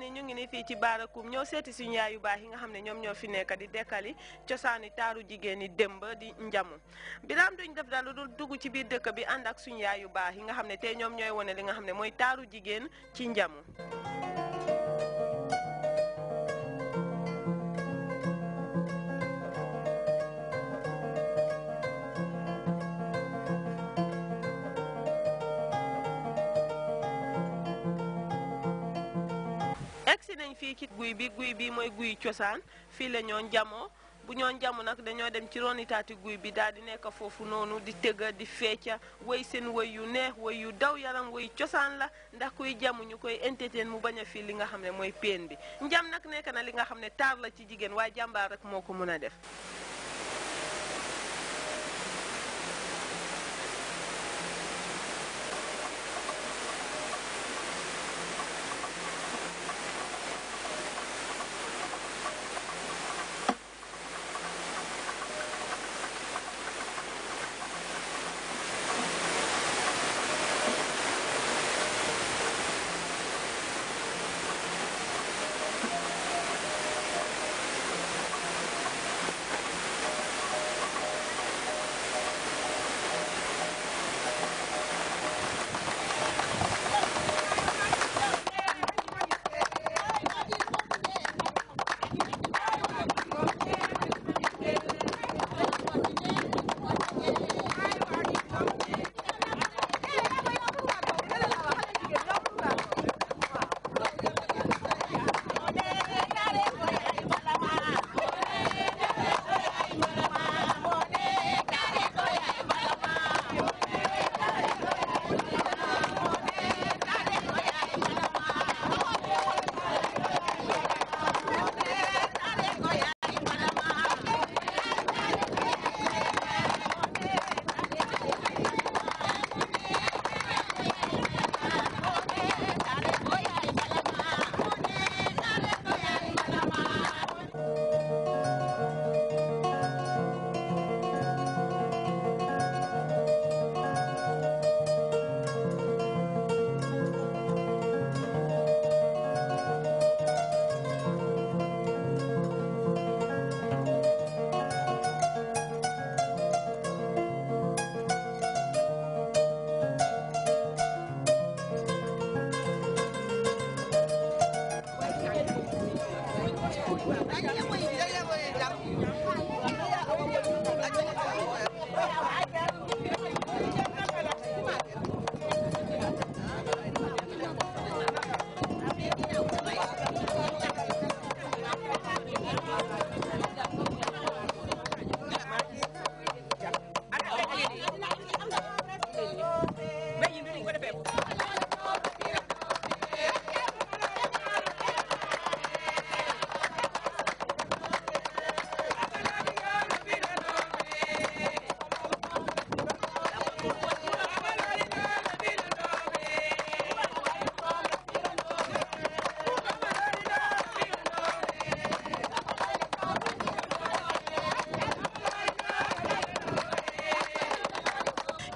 ni ñu ngi ni fii ci baarakum ñoo seeti suñu yaay yu baax yi nga xam ne ñoom ñoo fi nekk di dekkali cosaani taaru jigéen ñi démb di njamu biraam duñ def daal lu dul dugg ci biir dëkk bi ànd ak suñu yaay yu baax yi nga xam ne tey ñoom ñooy wone li nga xam ne mooy taaru jigéen ci njamu si nañ fii ci guy bi guy bii mooy guy cosaan fii la ñoo njamoo bu ñoo njamu nag dañoo dem ci roni guy bi daal di nekk foofu noonu di tëgga di feeca woy seen woy yu neex woy yu daw yaram woy cosaan la ndax kuy jamu ñu koy entertain mu bañ a fii li nga xam ne mooy peen bi njam nag nekk na li nga xam ne taar la ci jigéen waaye jàmbaar rek moo ko mën a def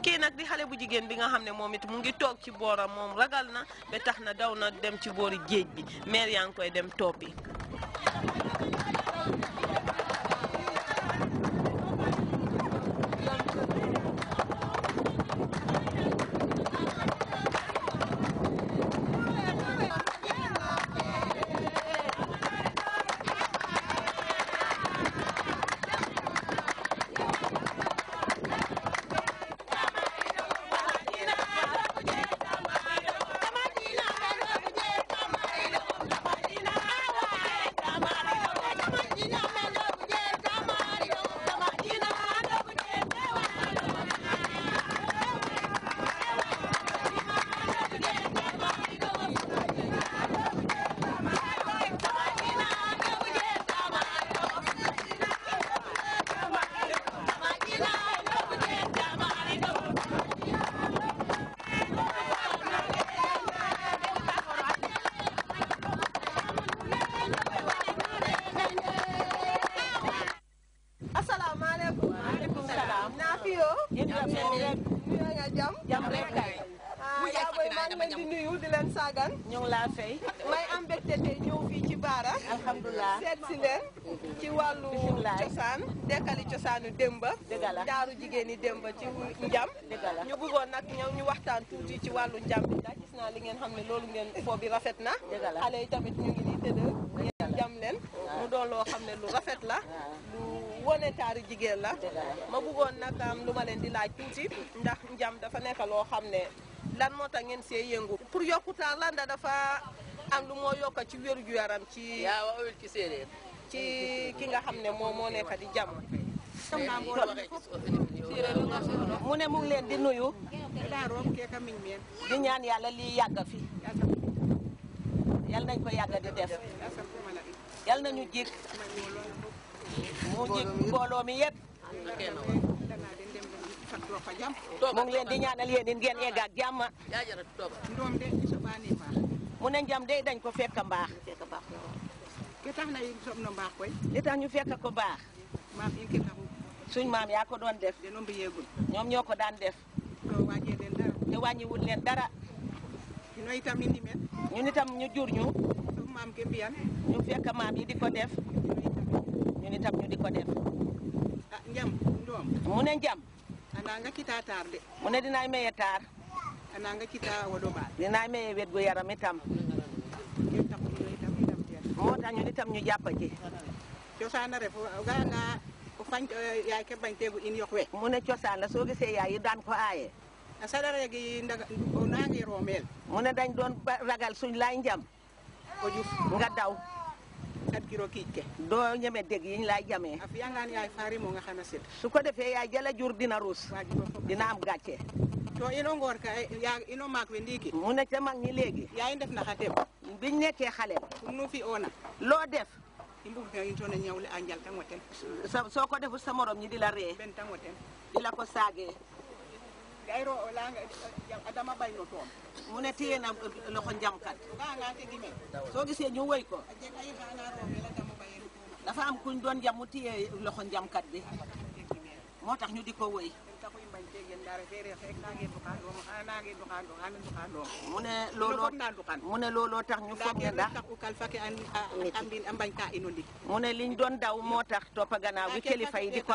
kii nag di xale bu jigéen bi nga xam ne moom it mu ngi toog ci booram moom ragal na ba tax na daw na dem ci boor i géej bi meer yaa ngi koy dem toppi yéen ñëpp ngeen jàmm ah, laa fay may am mbégte tey ñëw fii ci baara alhamdulilah seet si leen ci wàllu cosaan dekkali cosaanu démba taaru jigéen yi démba ci njam ñu bëggoon nag ñëw ñu waxtaan tuuti ci wàllu njam bi ndax gis naa li ngeen xam ne loolu ngeen foo bi rafet na xale yi tamit ñu ngi nii tëdd ngeen jam leen mu doon loo xam ne lu rafet la wone taari jigéen la ma bëggoon nag am lu ma leen di laaj tuuti ndax njam dafa nekk loo xam ne lan moo tax ngeen see yëngu pour yokku taar la ndax dafa am lu moo yokka ci wér yaram ci yaa wa ci ki nga xam ne moom moo nekk di jam mu ne mu leen di nuyu di ñaan yàlla lii yàgg fi yàlla nañ ko yàgg di def yàlla nañu jik mu ngi mbooloo mi yëpp mu ngi leen di ñaanal yéen it ngeen egg ak jàmm mu ne njam day dañ ko fekk mbaax li tax na sob no mbaax koy li tax ñu fekk ko baax maam suñ maam yaa ko doon def deno mbiyeegul ñoom ñoo ko daan def wàññee leen dara te wàññiwul leen dara ñu ñun itam ñu jur ñu maam ñu fekk maam yi di ko def ñun itam ñu di def. Ah, mu ne njam. ana nga kita taar de. mu ne dinaay maye taar. ana nga kita wodo baal. dinaay maye wet yaram itam. moo tax ñun itam ñu jàpp ci. cosaan na ref ga nga fañ eh, ke bañ teegu in yok we mu ne cosaan la soo gisee yaay yi daan ko aaye a ah, sadare gi ndaga naangi roomeel mu ne dañ doon ragal suñ laay njam o nga daw sat giro kiij ke doo ñeme dégg yiñ laay jamee a fiyangaan yaay faari moo nga xana set su ko defee yaay jala jur dina ruus dina am gàcce to ino ngoor ka yaa ino maak we ndiiki mu ne mag ñi léegi yaay def na xa teb biñ nekkee xale kum nu fi oona loo def i mbug ta in toona ñawle a njal tang o ten soo ko defut sa morom ñi di la ree ben tang o la ko saagee mu ne téye na loxo njamkat soo gisee ñu woy ko dafa am kuñ doon jam mu téye loxo njamkat bi moo tax ñu di ko woy mu ne looloo mu ne looloo tax ñu foog ne ndax mu ne liñ doon daw moo tax toppa gannaaw gi kilifa yi di ko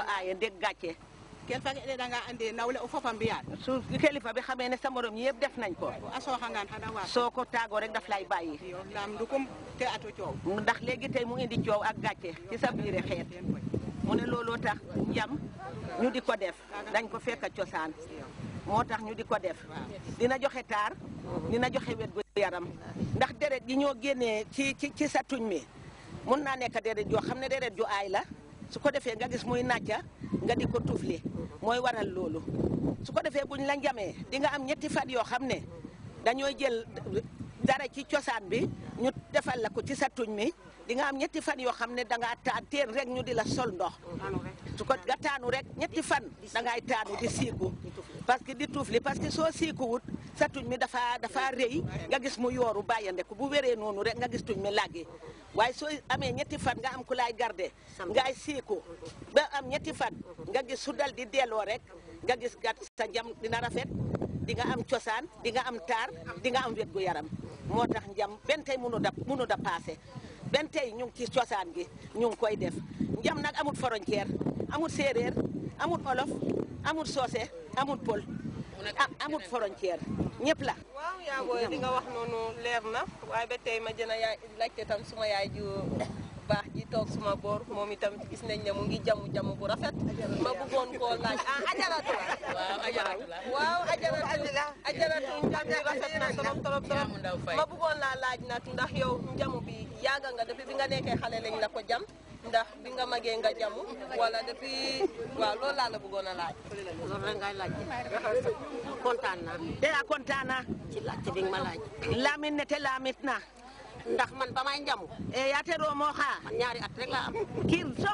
ken fa de danga ande nawle o fofa mbiyan su kilifa bi xamee ne sa morom ñi yëpp def nañ ko a xana waa soo ko taagoo rek daf lay bàyyi laam ndukum te atu coow ndax léegi tey mu indi coow ak gàcce ci sa biire xeet mu ne looloo tax njam ñu di ko def dañ ko fekk cosaan moo tax ñu di ko def dina joxe taar dina joxe wet gu yaram ndax deret yi ñoo génnee ci ci sa tuñ mi mun naa nekk deret joo xam ne deret ju aay la su ko defee nga gis muy nàcca nga di ko tufli mooy waral loolu su ko defee buñ la njamee di nga am ñetti fat yoo xam ne dañooy jël dara ci cosaan bi ñu defal la ko ci sa tuñ mi di nga am ñetti fan yoo xam ne dangaa taan teen rek ñu di la sol ndox su ko nga taanu rek ñetti fan dangaay taanu di siiku parce que di tuufli parce que soo siikuwut sa tuñ mi dafa dafa rëy nga gis mu yooru bàyyandeku bu wéree noonu rek nga gis tuñ mi laggi waaye soo amee ñetti fan nga am ku laay garde ngaay siiku mhm. ba am ñetti fan mhm. nga gis su dal di delloo rek mhm. nga gis gat sa jam dina rafet di nga am cosaan di nga am taar di nga am wet gu yaram moo tax njam benn tey munu da munu da passé benn tey ñu ngi ci cosaan gi ñu ngi koy def njam nag amut frontière amut séeréer amut olof amut soose amut pol Ah, amut frontière ñëpp la. waaw yaa booy li wax noonu leer na waaye ba tey ma jën a yaay laajte tam suma yaay ju baax ji toog suma boor moom itam gis nañ ne mu ngi jamu jamu bu rafet. ma bëggoon koo laaj ah ajaratu la. waaw ajaratu la waaw ajaratu la ajaratu njam bi ma bëggoon laa laaj nag ndax yow njamu bi yàgg nga depuis bi nga nekkee xale lañ la ko jam. ndax bi nga magee nga jamu wala depuis waaw loolu laa la bëggoon a laaj. loolu rek ngay laaj kontaan naa. eh ah kontaan ci laajte bi nga ma laaj. laamit ne te laamit na. ndax man ba may njamu. eh yaa teroo moo ñaari at rek laa am. kii